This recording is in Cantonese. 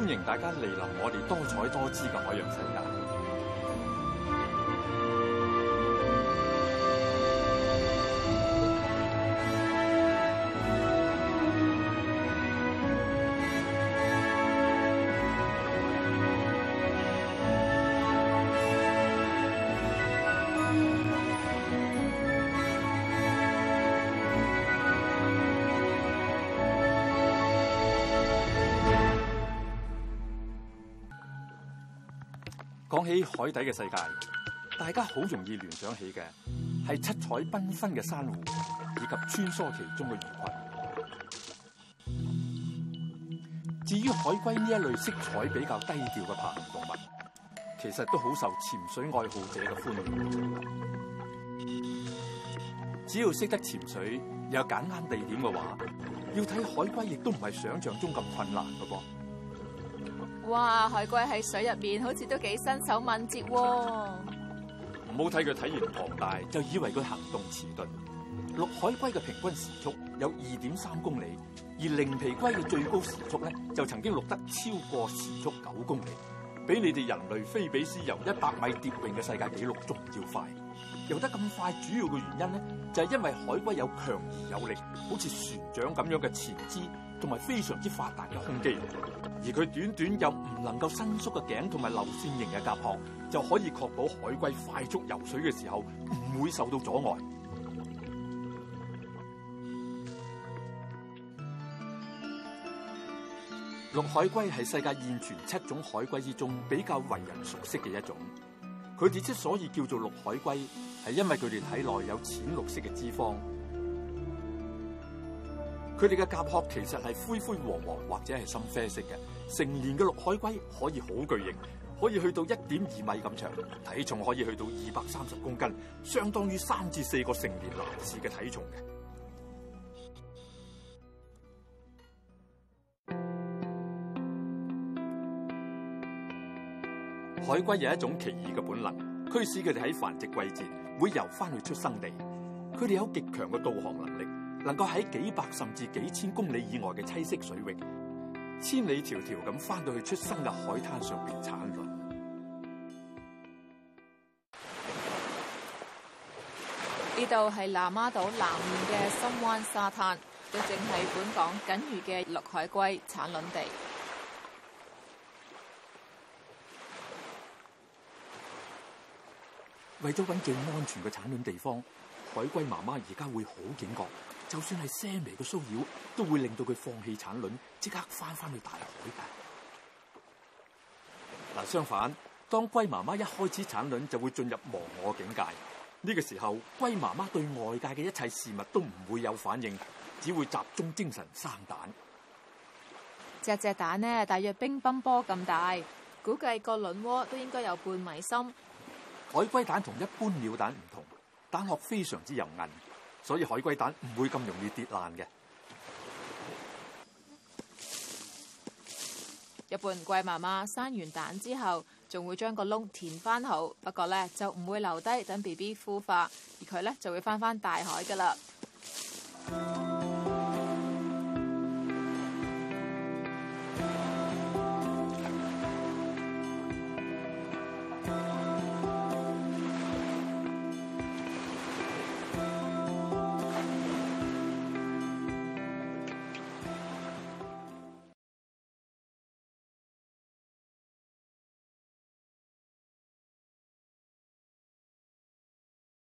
歡迎大家嚟臨我哋多彩多姿嘅海洋世界。講起海底嘅世界，大家好容易聯想起嘅係七彩繽紛嘅珊瑚，以及穿梭其中嘅魚群。至於海龜呢一類色彩比較低調嘅爬行動物，其實都好受潛水愛好者嘅歡迎。只要識得潛水，又有揀啱地點嘅話，要睇海龜亦都唔係想象中咁困難嘅噃。哇，海龜喺水入面好似都幾身手敏捷喎、啊！唔好睇佢體型龐大，就以為佢行動遲鈍。綠海龜嘅平均時速有二點三公里，而稜皮龜嘅最高時速咧就曾經錄得超過時速九公里，比你哋人類菲比斯游一百米蝶泳嘅世界紀錄仲要快。游得咁快主要嘅原因咧就係、是、因為海龜有強而有力，好似船槳咁樣嘅前肢。同埋非常之發達嘅胸肌，而佢短短又唔能夠伸縮嘅頸同埋流線型嘅甲殼，就可以確保海龜快速游水嘅時候唔會受到阻礙。綠海龜係世界現存七種海龜之中比較為人熟悉嘅一種，佢哋之所以叫做綠海龜，係因為佢哋體內有淺綠色嘅脂肪。佢哋嘅甲殼其實係灰灰黃黃或者係深啡色嘅。成年嘅綠海龜可以好巨型，可以去到一點二米咁長，體重可以去到二百三十公斤，相當於三至四個成年男士嘅體重嘅。海龜有一種奇異嘅本能，驅使佢哋喺繁殖季節會游翻去出生地。佢哋有極強嘅導航能力。能夠喺幾百甚至幾千公里以外嘅棲息水域，千里迢迢咁翻到去出生嘅海灘上邊產卵。呢度係南丫島南面嘅深灣沙灘，都正係本港僅餘嘅綠海龜產卵地。為咗搵更安全嘅產卵地方，海龜媽媽而家會好警覺。就算係輕微嘅騷擾，都會令到佢放棄產卵，即刻翻翻去大海嘅。嗱，相反，當龜媽媽一開始產卵，就會進入忘我境界。呢個時候，龜媽媽對外界嘅一切事物都唔會有反應，只會集中精神生蛋。只隻蛋呢，大約乒乓波咁大，估計個卵窩都應該有半米深。海龜蛋同一般鳥蛋唔同，蛋殼非常之柔韌。所以海龜蛋唔會咁容易跌爛嘅。一般龜媽媽生完蛋之後，仲會將個窿填翻好。不過呢就唔會留低等 B B 孵化而她，而佢呢就會翻返大海噶啦。